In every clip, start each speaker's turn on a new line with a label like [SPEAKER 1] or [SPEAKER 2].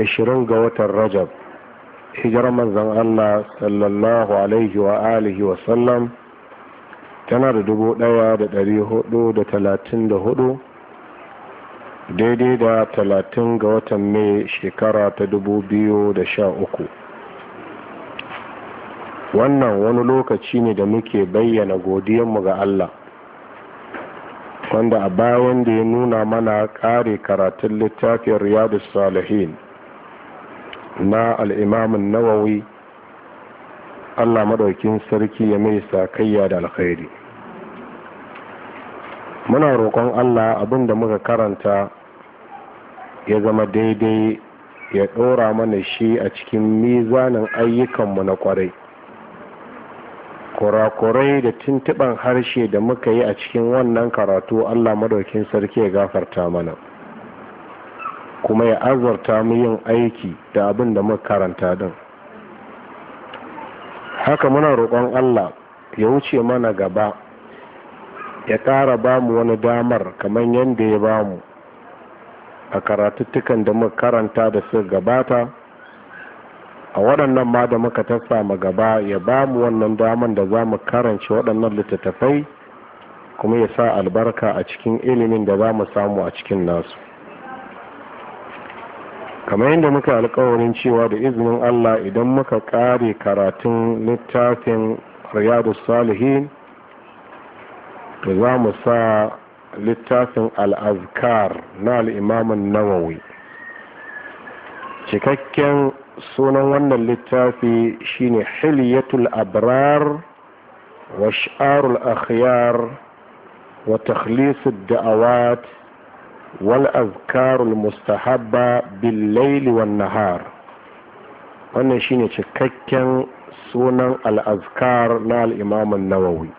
[SPEAKER 1] ashirin ga watan rajab hijar manzan allah sallallahu alaihi wa alihi wa sallam tana da dubu daya da dari hudu da talatin da hudu daidai da talatin ga watan mai shekara ta dubu biyu da sha uku wannan wani lokaci ne da muke bayyana godiyanmu ga allah wanda a bayan da ya nuna mana kare karatun littafin riyadu salihin na al'imamin nawawi allah maɗaukin sarki ya mai sakayya da alkhairi muna roƙon allah abin da muka karanta ya zama daidai ya ɗora mana shi a cikin mizanin ayyukanmu na ƙwarai kurakurai da tuntuɓan harshe da muka yi a cikin wannan karatu allah maɗaukin sarki ya gafarta mana kuma ya azarta mu yin aiki da abin da muka karanta din haka muna roƙon Allah ya wuce mana gaba ya ƙara ba mu wani damar kamar yadda ya ba mu a karatuttukan da muka karanta da su gabata a waɗannan ma da muka samu gaba ya ba mu wannan damar da za mu karanci waɗannan littattafai kuma ya sa albarka a cikin ilimin da za mu samu a cikin nasu kamar yadda muka alkawarin cewa da izinin Allah idan muka kare karatun littafin riyadu salihin to za mu sa littafin al'azkar na al'imamin nawawi cikakken sunan wannan littafi shine hilyatul abrar wa sha'arul akhyar wa takhlisud da'awat wal azkarul mustahabba bil laili wan nahar wannan shine cikakken sunan al-azkar na al nawawi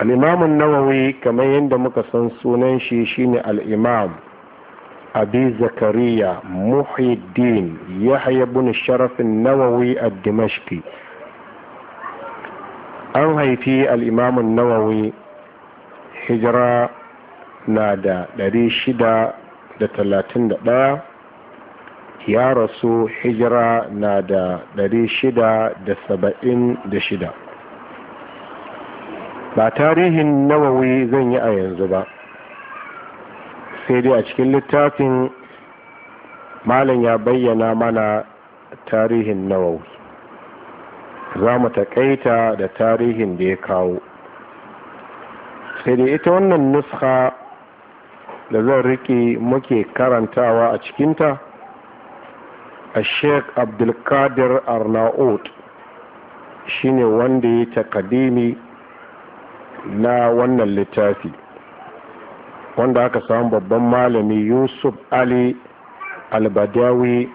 [SPEAKER 1] al nawawi kamar yadda muka san sunan shi shine ne imam abi zakariya muhyiddin yahya ibn sharaf nawawi a dimashqi an haifi al'imamun nawawi hijira na da ɗari shida da talatin da ɗaya ya rasu hijira na da ɗari shida da saba'in da shida ba tarihin nawawi zan yi a yanzu ba sai dai a cikin littafin malam ya bayyana mana tarihin nawawi za mu taƙaita da tarihin da ya kawo sai dai ita wannan nuska da zan rike muke karantawa a cikinta a sheik abdulkadir arnaud shine wanda ya takadimi na wannan littafi wanda aka samu babban malami yusuf ali albadawi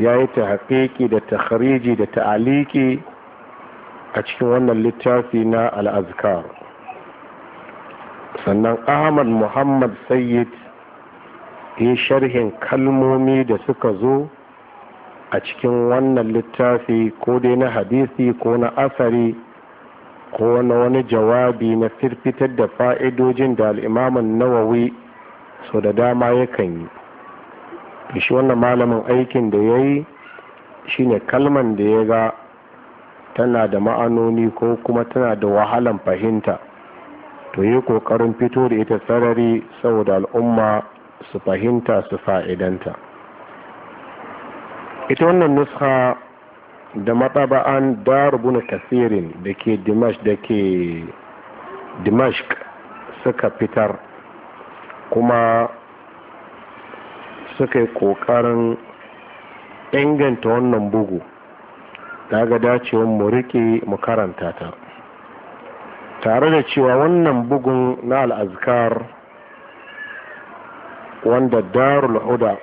[SPEAKER 1] ya yi ta haƙiƙi da takhariji da ta'aliki a cikin wannan littafi na al'azkar sannan ahmad muhammad sayyid ya sharhin kalmomi da suka zo a cikin wannan littafi ko dai na hadisi ko na asari ko na wani jawabi na firfitar da fa'idojin da al'imamun nawawi so da dama yakan yi shi wannan malamin aikin da ya yi shine kalman da ya ga tana da ma'anoni ko kuma tana da wahalan fahimta to yi kokarin fito da ita sarari saboda al'umma su fahimta su fa'idanta ita wannan nuska da matsaba'an darubun kasirin da ke dimash da ke suka fitar kuma suka yi kokarin inganta wannan bugu daga dacewa mu riƙe mu karanta ta tare da cewa wannan bugun na al'azkar wanda darul huda